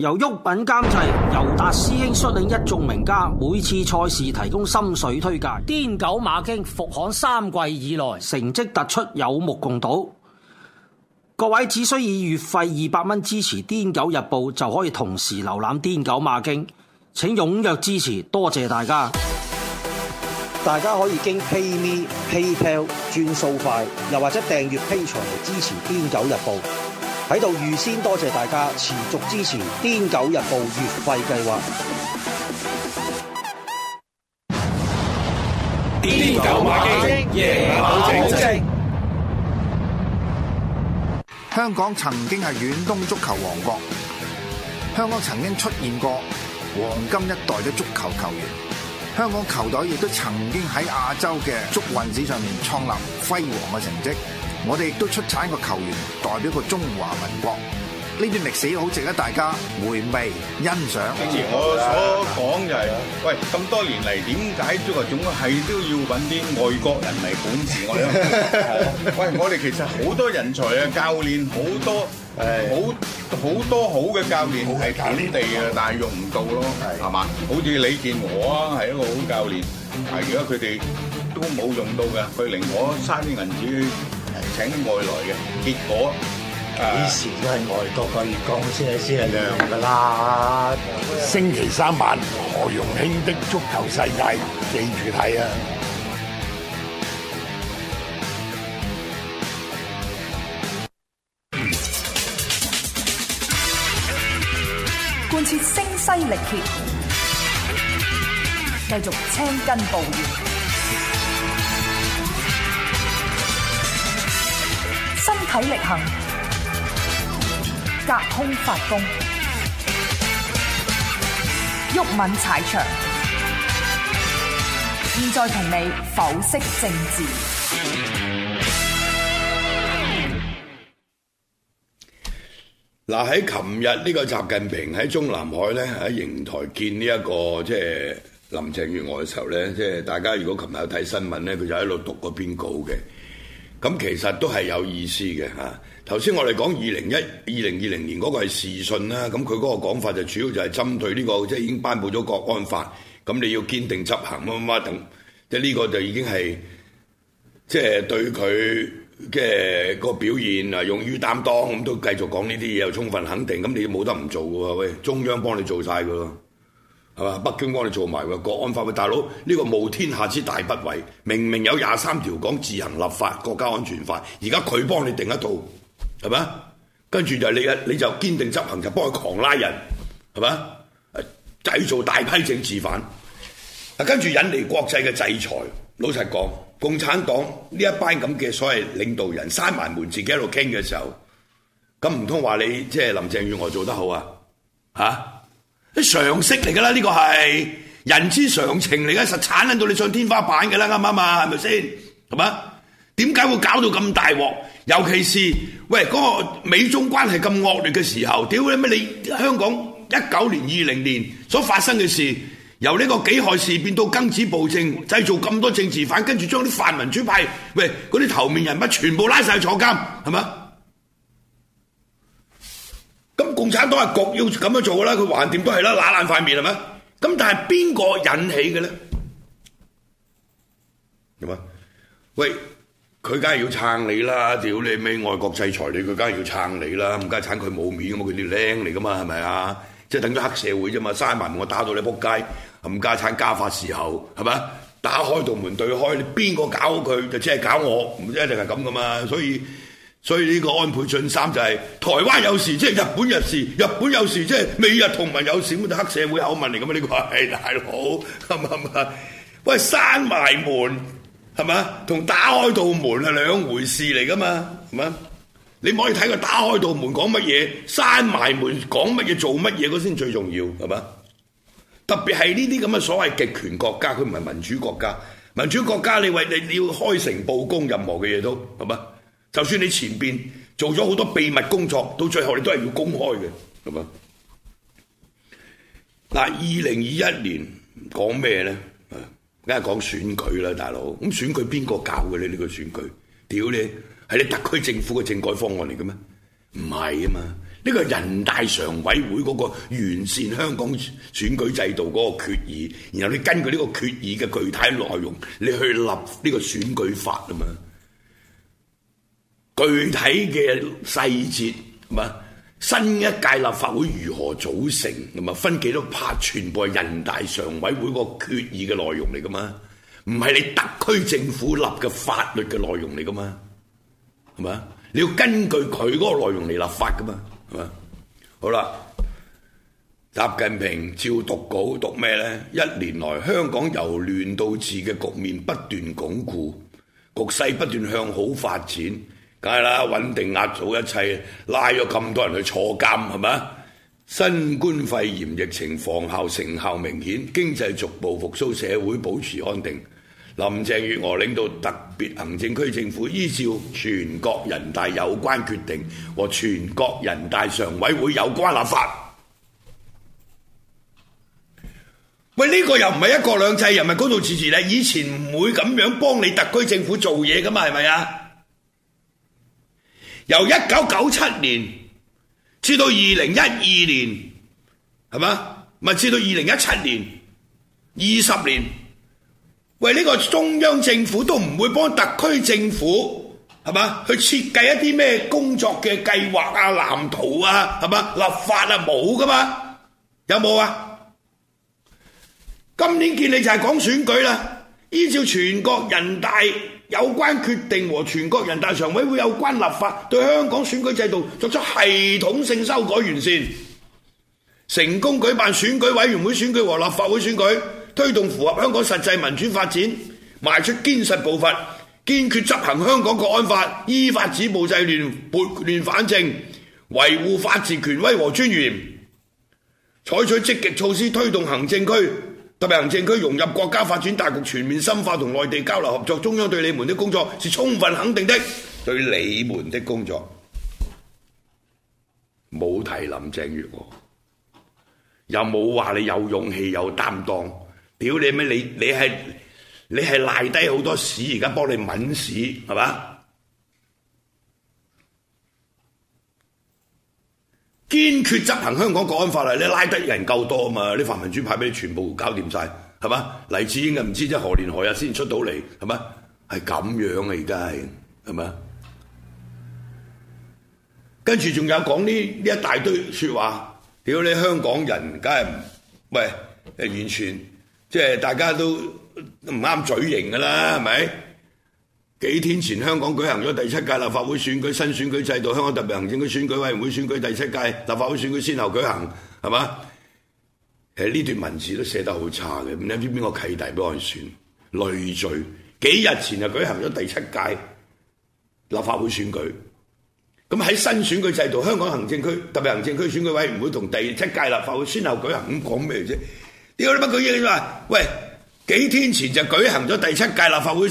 由郁品監製，尤達師兄率領一眾名家，每次賽事提供心水推介。癲狗馬經復刊三季以來，成績突出，有目共睹。各位只需要以月費二百蚊支持癲狗日報，就可以同時瀏覽癲狗馬經。請踴躍支持，多謝大家！大家可以經 PayMe、PayPal 轉數快，又或者訂閱 Patreon 嚟支持癲狗日報。喺度預先多謝大家持續支持《癲狗日報月費計劃》。香港曾經係遠東足球王國，香港曾經出現過黃金一代的足球球員，香港球隊亦都曾經喺亞洲嘅足運史上面創立輝煌嘅成績。我哋亦都出產個球員代表個中華民國，呢段歷史好值得大家回味欣賞。正如我所講，就係喂咁多年嚟，點解足球總係都要揾啲外國人嚟管治？我哋喂，我哋其實好多人才啊，教練好多誒，好好多好嘅教練係本地嘅，但係用唔到咯，係嘛？好似李健和啊，係一個好教練，但而家佢哋都冇用到嘅，佢寧可嘥啲銀紙。請外來嘅結果，幾時都係外國個月光先係先係亮噶啦！星期三晚何榮興的足球世界，記住睇啊！貫徹聲嘶力竭，繼續青筋暴現。體力行，隔空發功，毓民踩場。現在同你剖析政治。嗱，喺琴日呢個習近平喺中南海咧喺瀛台見呢、這、一個即係林鄭月娥嘅時候咧，即係大家如果琴日有睇新聞咧，佢就喺度讀個篇稿嘅。咁其實都係有意思嘅，吓，頭先我哋講二零一二零二零年嗰個係時訊啦，咁佢嗰個講法就主要就係針對呢個即係已經頒佈咗國安法，咁你要堅定執行乜乜乜等，即係呢個就已經係即係對佢嘅個表現啊，勇於擔當咁都繼續講呢啲嘢有充分肯定，咁你冇得唔做喎。喂，中央幫你做晒佢咯。係北京幫你做埋喎，國安法嘅大佬，呢、這個冒天下之大不韙，明明有廿三條講自行立法國家安全法，而家佢幫你定一套，係咪？跟住就你你就堅定執行，就幫佢狂拉人，係咪？製造大批政治犯，跟住引嚟國際嘅制裁。老實講，共產黨呢一班咁嘅所謂領導人閂埋門自己喺度傾嘅時候，咁唔通話你即係林鄭月娥做得好啊？吓？啲常識嚟㗎啦，呢、這個係人之常情嚟嘅，實鏟緊到你上天花板嘅啦，啱唔啱啊？係咪先？係嘛？點解會搞到咁大鑊？尤其是喂嗰、那個美中關係咁惡劣嘅時候，屌你乜你香港一九年、二零年所發生嘅事，由呢個己亥事變到庚子暴政，製造咁多政治犯，跟住將啲泛民主派喂嗰啲頭面人物全部拉曬去坐監，係嘛？咁共產黨係局要咁樣做啦，佢橫掂都係啦，揦爛塊面係咪？咁但係邊個引起嘅咧？點啊？喂，佢梗係要撐你啦！屌你咩外國制裁你，佢梗係要撐你啦！冚家鏟佢冇面啊嘛，佢啲僆嚟噶嘛，係咪啊？即係等咗黑社會啫嘛，閂埋門我打到你仆街，冚家鏟加法時候係咪打開道門對開，你邊個搞佢就即係搞我，唔一定係咁噶嘛，所以。所以呢個安倍晉三就係台灣有事即係日本有事，日本有事即係美日同盟有事，咁就黑社會口問嚟噶嘛。呢個係大佬，係咪？喂，閂埋門係嘛？同打開道門係兩回事嚟噶嘛？係嘛？你唔可以睇佢打開道門講乜嘢，閂埋門講乜嘢，做乜嘢，嗰先最重要係嘛？特別係呢啲咁嘅所謂極權國家，佢唔係民主國家，民主國家你為你你要開誠布公，任何嘅嘢都係嘛？是就算你前邊做咗好多秘密工作，到最後你都係要公開嘅，係嘛？嗱，二零二一年講咩咧？梗係講選舉啦，大佬。咁選舉邊個搞嘅呢？呢個選舉，屌你，係你特區政府嘅政改方案嚟嘅咩？唔係啊嘛，呢個人大常委會嗰個完善香港選舉制度嗰個決議，然後你根據呢個決議嘅具體內容，你去立呢個選舉法啊嘛。具體的細節，嗯，新一屆立法會如何組成，嗯，ng 分幾多派，全部係人大常委會個決議嘅內容嚟㗎嘛？唔係你特區政府立嘅法律嘅內容嚟㗎嘛？係咪啊？你要根據佢嗰個內容嚟立法㗎嘛？係嘛？好啦，習近平照讀稿讀咩呢？一年來，香港由亂到治嘅局面不斷鞏固，局勢不斷向好發展。梗係啦，穩定壓倒一切，拉咗咁多人去坐監係咪啊？新冠肺炎疫情防控成效明顯，經濟逐步復甦，社會保持安定。林鄭月娥領導特別行政區政府依照全國人大有關決定和全國人大常委會有關立法。喂，呢個又唔係一國兩制，又唔係高度自治咧。以前唔會咁樣幫你特區政府做嘢噶嘛，係咪啊？由一九九七年至到二零一二年，係嘛？咪至到二零一七年，二十年，喂，呢個中央政府都唔會幫特區政府，係嘛？去設計一啲咩工作嘅計劃啊、藍圖啊，係嘛？立法啊冇噶嘛？有冇啊？今年見你就係講選舉啦。依照全國人大有關決定和全國人大常委會有關立法，對香港選舉制度作出系統性修改完善，成功舉辦選舉委員會選舉和立法會選舉，推動符合香港實際民主發展，邁出堅實步伐，堅決執行香港國安法，依法止暴制亂、撥亂反正，維護法治權威和尊嚴，採取積極措施推動行政區。特別行政區融入國家發展大局，全面深化同內地交流合作，中央對你們的工作是充分肯定的。對你們的工作，冇提林鄭月娥，又冇話你有勇氣有擔當，屌你咩？你你係你係賴低好多屎，而家幫你揾屎係嘛？堅決執行香港國安法，你拉得人夠多啊嘛？啲泛民主派俾你全部搞掂晒，係嘛？黎智英啊，唔知即係何年何日先出到嚟，係嘛？係咁樣啊，而家係，係嘛？跟住仲有講呢呢一大堆說話，屌你香港人，梗係唔喂，誒，完全即係大家都唔啱嘴型噶啦，係咪？幾天前香港舉行咗第七屆立法會選舉，新選舉制度香港特別行政區選舉委員會選舉第七屆立法會選舉先後舉行，係嘛？其實呢段文字都寫得好差嘅，唔知邊個契弟幫我選累贅。幾日前就舉行咗第七屆立法會選舉，咁喺新選舉制度香港行政區特別行政區選舉委員會同第七屆立法會先後舉行，咁講咩啫？啲乜鬼嘢啫你話，喂，幾天前就舉行咗第七屆立法會。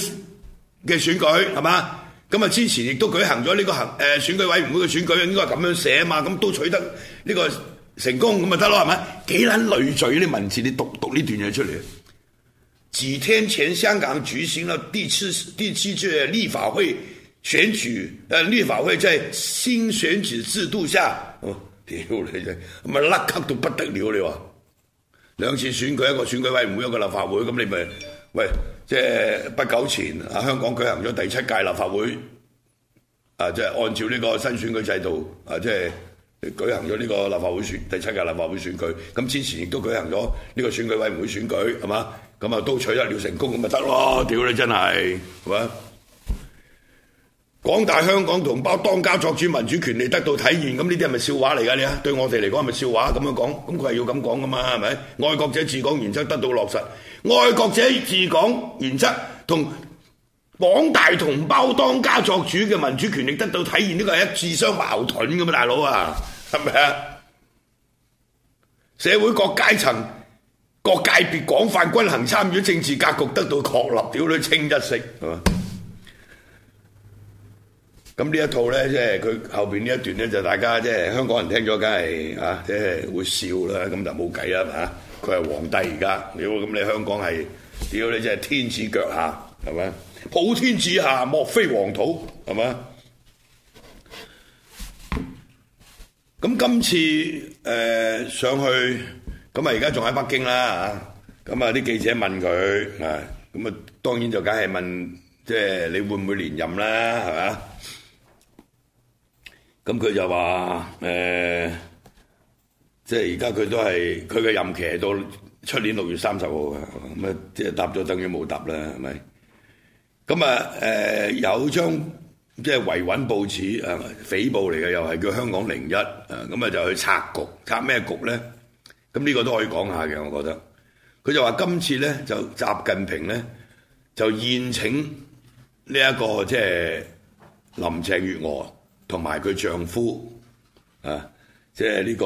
嘅選舉係嘛咁啊？之前亦都舉行咗呢個行，誒選舉委員會嘅選舉，應該係咁樣寫嘛，咁都取得呢個成功，咁咪得咯係咪？幾撚累贅啲文字，你讀讀呢段嘢出嚟。幾天前，香港舉行啦，第七第七屆立法會選舉，誒立法會在新選舉制度下，屌、哦、你啫，咁啊不得了你啊！兩次選舉，一個選舉委員會，一個立法會，咁你咪喂？即係不久前啊，香港舉行咗第七屆立法會啊，即係按照呢個新選舉制度啊，即係舉行咗呢個立法會選第七屆立法會選舉。咁之前亦都舉行咗呢個選舉委員會選舉，係嘛？咁啊都取得了成功就了，咁咪得咯？屌你真係，係嘛！廣大香港同胞當家作主民主權利得到體現，咁呢啲係咪笑話嚟噶？你啊，對我哋嚟講係咪笑話咁樣講，咁佢係要咁講噶嘛？係咪？愛國者治港原則得到落實，愛國者治港原則同廣大同胞當家作主嘅民主權利得到體現，呢個係一自相矛盾噶嘛？大佬啊，係咪啊？社會各階層、各界別廣泛均衡參與政治格局得到確立，屌你清一色係嘛？是咁呢一套咧，即係佢後邊呢一段咧，就大家即係香港人聽咗，梗係啊，即係會笑啦。咁就冇計啦嚇，佢係皇帝而家，屌咁你香港係，屌你真係天子腳下，係嘛？普天之下莫非黃土，係嘛？咁今次誒上去，咁啊而家仲喺北京啦啊，咁啊啲記者問佢啊，咁啊當然就梗係問，即係你會唔會連任啦，係嘛？咁佢就話、呃、即係而家佢都係佢嘅任期係到出年六月三十號嘅，咁啊即係答咗等於冇答啦，係咪？咁啊誒有張即係維穩報紙、呃、匪緋報嚟嘅，又係叫香港零一，咁啊就去拆局，拆咩局咧？咁呢個都可以講下嘅，我覺得。佢就話今次咧就習近平咧就宴請呢、這、一個即係林鄭月娥。同埋佢丈夫啊，即係呢個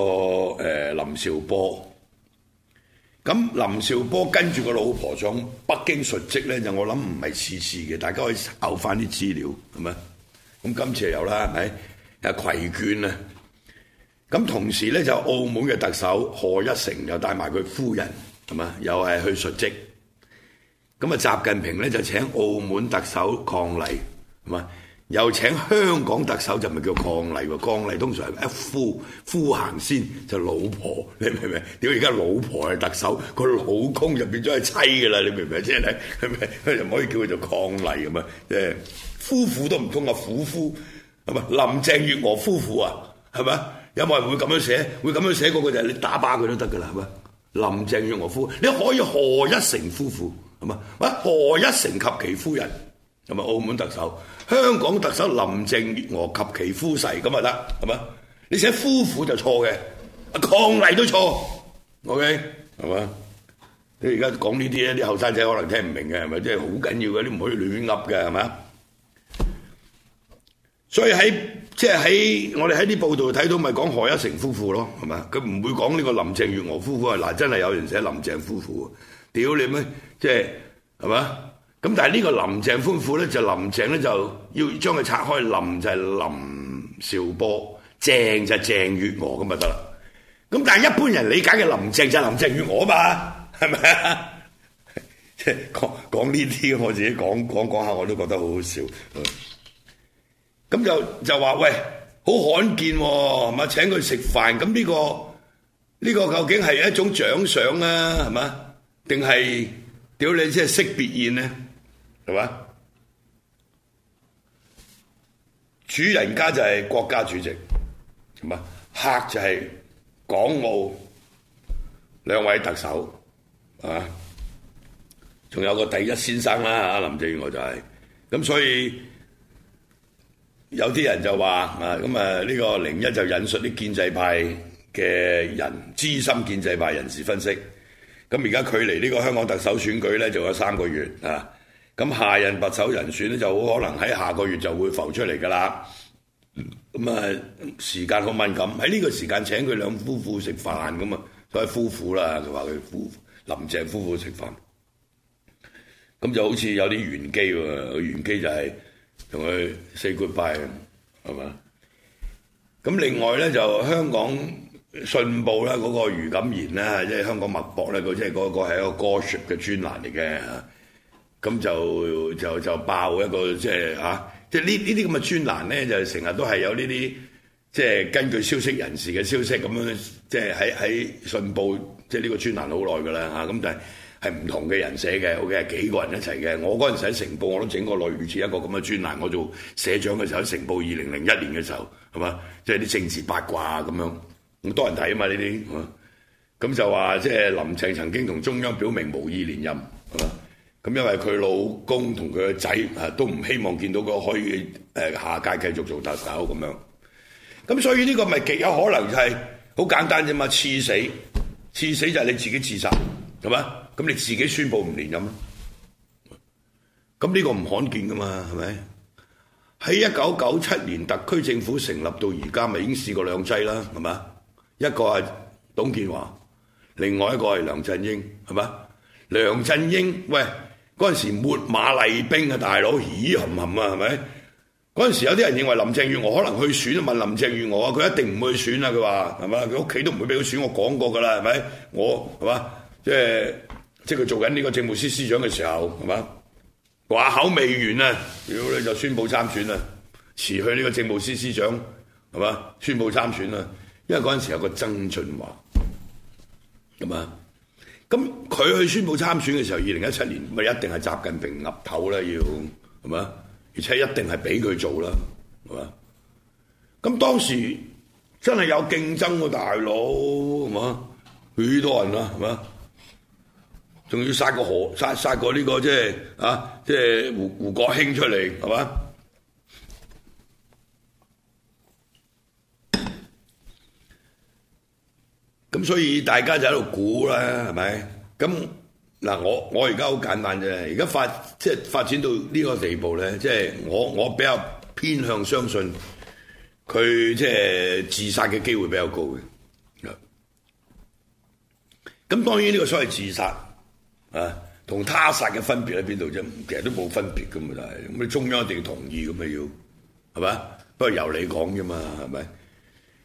誒林兆波。咁林兆波跟住個老婆上北京述職咧，就我諗唔係次次嘅，大家可以搜翻啲資料，係咪？咁今次又有啦，係咪？又攜眷啊！咁同時咧，就澳門嘅特首賀一誠又帶埋佢夫人，係嘛？又係去述職。咁啊，習近平咧就請澳門特首抗禮，係嘛？又請香港特首就唔係叫伉儷喎，伉儷通常係一夫夫行先就老婆，你明唔明？屌而家老婆係特首，佢老公就變咗係妻㗎啦，你明唔明先？係咪？又唔可以叫佢做伉儷㗎嘛？誒，即係啊，夫婦都唔通啊，夫夫，係咪？林鄭月娥夫婦啊，係咪？有冇人會咁樣寫？會咁樣寫嗰個就係你打靶佢都得㗎啦，係咪？林鄭月娥夫婦，你可以何一成夫婦，係咪？喂，何一成及其夫人。同埋澳門特首、香港特首林鄭月娥及其夫婿咁咪得，係咪？你寫夫婦就錯嘅，伉儷都錯。OK，係嘛？你而家講呢啲咧，啲後生仔可能聽唔明嘅，係咪？即係好緊要嘅，你唔可以亂噏嘅，係嘛？所以喺即係喺我哋喺啲報道睇到，咪講何一成夫婦咯，係嘛？佢唔會講呢個林鄭月娥夫婦啊，嗱真係有人寫林鄭夫婦，屌你咩？即係係嘛？咁但係呢個林鄭夫婦咧，就林鄭咧就要將佢拆開，林就係林兆波，鄭就係鄭月娥咁咪得啦。咁但係一般人理解嘅林鄭就係林鄭月娥啊嘛，係咪啊？即係講講呢啲，講我自己講講講下，我都覺得好好笑。咁就就話喂，好罕見喎，係咪？咪請佢食飯。咁呢、個呢、個究竟係一種獎賞啊，係嘛？定係屌你即係識別宴呢？係嘛？主人家就係國家主席，係嘛？客就係港澳兩位特首，係嘛？仲有個第一先生啦，阿林鄭月娥就係、是。咁所以有啲人就話啊，咁啊呢個零一就引述啲建制派嘅人、資深建制派人士分析。咁而家距離呢個香港特首選舉咧，仲有三個月啊！咁下任特首人選咧就好可能喺下個月就會浮出嚟噶啦，咁啊時間好敏感，喺呢個時間請佢兩夫婦食飯咁啊，都係夫婦啦，佢話佢夫林鄭夫婦食飯，咁就好似有啲玄機喎，玄機就係同佢 say goodbye，係嘛？咁另外咧就香港信報咧嗰個余錦賢咧，即係香港脈搏咧，佢即係嗰個係一個 gossip 嘅專欄嚟嘅。咁就就就爆一個即係嚇，即係呢呢啲咁嘅專欄咧，就成日都係有呢啲即係根據消息人士嘅消息咁樣，即係喺喺信報即係呢個專欄好耐㗎啦嚇，咁但係係唔同嘅人寫嘅，OK，幾個人一齊嘅。我嗰陣時喺《成報》，我都整過類似一個咁嘅專欄，我做社長嘅時候喺《成報》，二零零一年嘅時候係嘛，即係啲政治八卦咁樣咁多人睇啊嘛呢啲，咁就話即係林鄭曾經同中央表明無意連任。咁因為佢老公同佢個仔啊都唔希望見到佢可以誒下屆繼續做特首咁樣，咁所以呢個咪極有可能就係好簡單啫嘛，刺死，刺死就係你自己自殺係嘛？咁你自己宣佈唔連任啦，咁呢個唔罕見噶嘛係咪？喺一九九七年特區政府成立到而家咪已經試過兩劑啦係嘛？一個係董建華，另外一個係梁振英係嘛？梁振英喂～嗰陣時秣馬厲兵啊，大佬，咦冚冚啊，係咪？嗰陣時有啲人認為林鄭月娥可能去選，問林鄭月娥，佢一定唔會去選啊，佢話係嘛，佢屋企都唔會俾佢選，我講過㗎喇，係咪？我係嘛，即係即係佢做緊呢個政務司司長嘅時候，係嘛？話口未完啊，屌你就宣佈參選啊，辭去呢個政務司司長係嘛，宣佈參選啊，因為嗰陣時有個曾俊華，咁啊。咁佢去宣布參選嘅時候，二零一七年咪一定係習近平岌頭啦，要係嘛，而且一定係俾佢做啦，係嘛。咁當時真係有競爭喎、啊，大佬係嘛，許多人啦、啊，係嘛，仲要殺個何，殺，殺過呢個即係啊，即係胡胡國興出嚟係嘛。咁所以大家就喺度估啦，係咪？咁嗱，我我而家好簡單啫。而家發即係發展到呢個地步咧，即係我我比較偏向相信佢即係自殺嘅機會比較高嘅。咁當然呢個所謂自殺啊，同他殺嘅分別喺邊度啫？其實都冇分別噶嘛，就係咁。你中央一定要同意咁啊，要係咪？不過由你講啫嘛，係咪？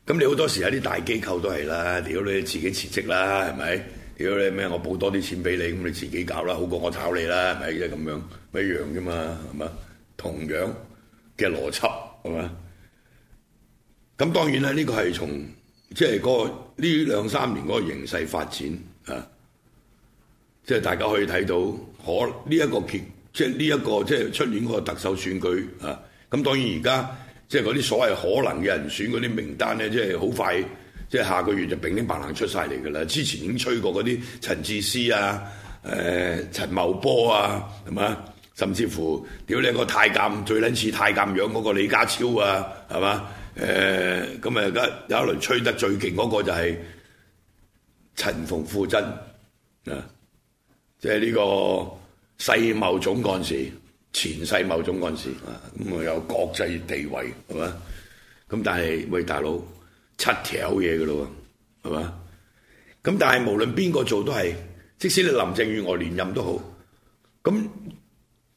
咁你好多時有啲大機構都係啦，屌你，你自己辭職啦，係咪？屌你咩？我補多啲錢俾你，咁你自己搞啦，好過我炒你啦，係咪？即係咁樣，咪一樣啫嘛，係嘛？同樣嘅邏輯，係嘛？咁當然啦，呢個係從即係嗰個呢兩三年嗰個形勢發展啊，即係大家可以睇到可呢一個結，即係呢一個即係出年嗰個特首選舉啊。咁當然而家。即係嗰啲所謂可能嘅人選嗰啲名單咧，即係好快，即、就、係、是、下個月就乒鈴乓啷出晒嚟㗎啦。之前已經吹過嗰啲陳智思啊、誒、呃、陳茂波啊，係嘛？甚至乎屌你個太監最撚似太監樣嗰個李家超啊，係嘛？誒，咁啊，而家有一輪吹得最勁嗰個就係陳馮富珍啊，即係呢個世貿總幹事。前世某種陣時，咁我有國際地位，係嘛？咁但係喂大佬，七條嘢嘅咯喎，係嘛？咁但係無論邊個做都係，即使你林鄭月娥連任都好，咁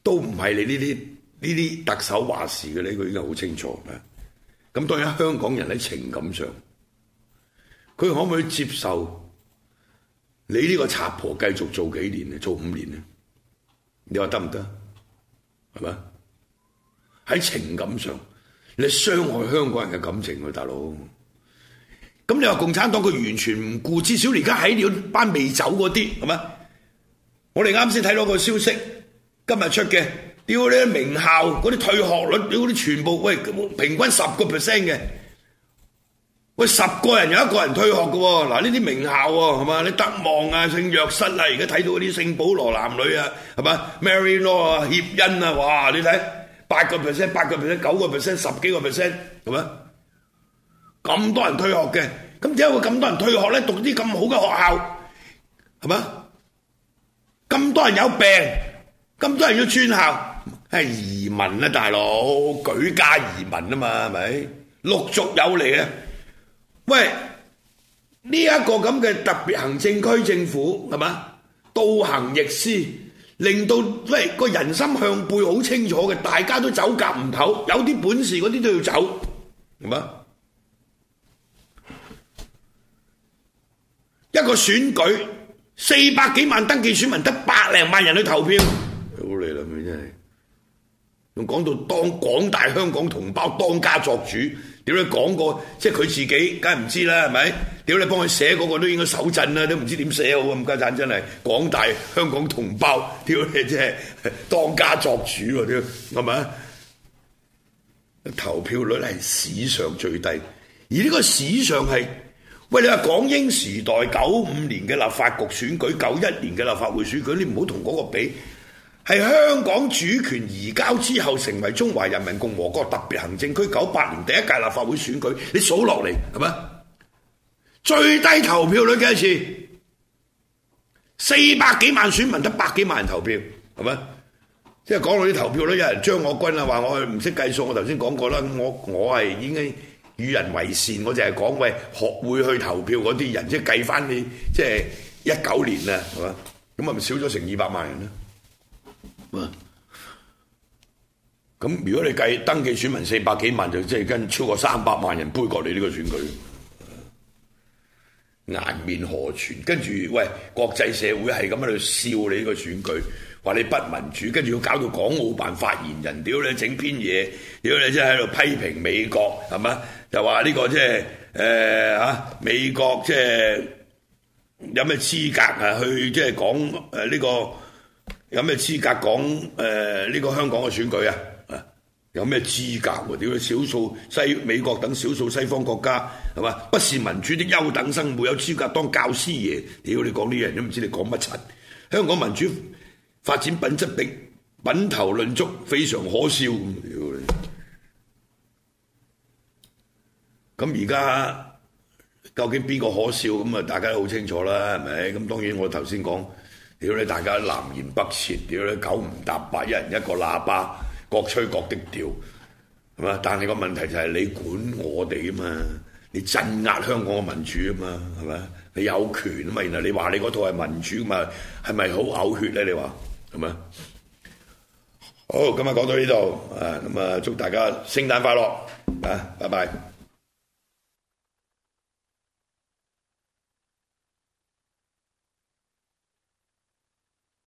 都唔係你呢啲呢啲特首話事嘅咧，佢應該好清楚嘅。咁當然香港人喺情感上，佢可唔可以接受你呢個賊婆繼續做幾年啊？做五年啊？你話得唔得？係咪？喺情感上，你傷害香港人嘅感情啊，大佬。咁你話共產黨佢完全唔顧，至少而家喺呢班未走嗰啲，係咪？我哋啱先睇到個消息，今日出嘅，屌你啲名校嗰啲退學率，屌嗰啲全部，喂，平均十個 percent 嘅。喂，十個人有一個人退學嘅，嗱，呢啲名校喎，係嘛？啲德望啊，聖約瑟啊，而家睇到嗰啲聖保羅男女啊，係嘛？Maryknoll 啊，協恩啊，哇！你睇八個 percent，八個 percent，九個 percent，十幾個 percent，係咪？咁多人退學嘅，咁點解會咁多人退學咧？讀啲咁好嘅學校，係嘛？咁多人有病，咁多人要轉校，係移民啊，大佬，舉家移民啊嘛，係咪？陸續有嚟啊！喂，呢一個咁嘅特別行政區政府係嘛，倒行逆施，令到喂個人心向背好清楚嘅，大家都走夾唔唞，有啲本事嗰啲都要走，係嘛？一個選舉四百幾萬登記選民，得百零萬人去投票，好離譜嘅真係，仲講到當廣大香港同胞當家作主。屌你講過，即係佢自己梗係唔知啦，係咪？屌你幫佢寫嗰個都應該手震啦，都唔知點寫好咁。家產真係廣大香港同胞，屌你真係當家作主喎，屌係咪啊？投票率係史上最低，而呢個史上係喂，你話港英時代九五年嘅立法局選舉，九一年嘅立法會選舉，你唔好同嗰個比。係香港主權移交之後，成為中華人民共和國特別行政區，九八年第一屆立法會選舉，你數落嚟，係咪最低投票率幾多次？四百幾萬選民得百幾萬人投票，係咪？即係講到啲投票率，有人將我軍啊，話我唔識計數。我頭先講過啦，我我係應該與人為善，我淨係講喂，學會去投票嗰啲人，即係計翻你，即係一九年啊，係嘛？咁啊，咪少咗成二百萬人啦。咁、嗯、如果你計登記選民四百幾萬，就即係跟超過三百萬人杯葛你呢個選舉，顏面何存？跟住喂，國際社會係咁喺度笑你呢個選舉，話你不民主，跟住要搞到港澳辦發言人屌你整篇嘢，屌你即係喺度批評美國係嘛？就話呢個即係誒啊美國即、就、係、是、有咩資格啊去即係講誒呢、呃這個？有咩資格講誒呢個香港嘅選舉啊？啊，有咩資格喎？屌，少數西美國等少數西方國家係嘛？不是民主啲優等生，沒有資格當教師爺。屌、哎，你講呢樣都唔知你講乜柒。香港民主發展品質並品頭論足，非常可笑。屌咁而家究竟邊個可笑？咁啊，大家都好清楚啦，係咪？咁當然我剛才，我頭先講。屌你！大家南言北舌，屌你！九唔搭八，一人一個喇叭，各吹各的調，係嘛？但係個問題就係你管我哋啊嘛，你鎮壓香港嘅民主啊嘛，係嘛？你有權啊嘛，原來你話你嗰套係民主啊嘛，係咪好嘔血咧？你話係咪？好，今日講到呢度啊，咁啊，祝大家聖誕快樂啊，拜拜。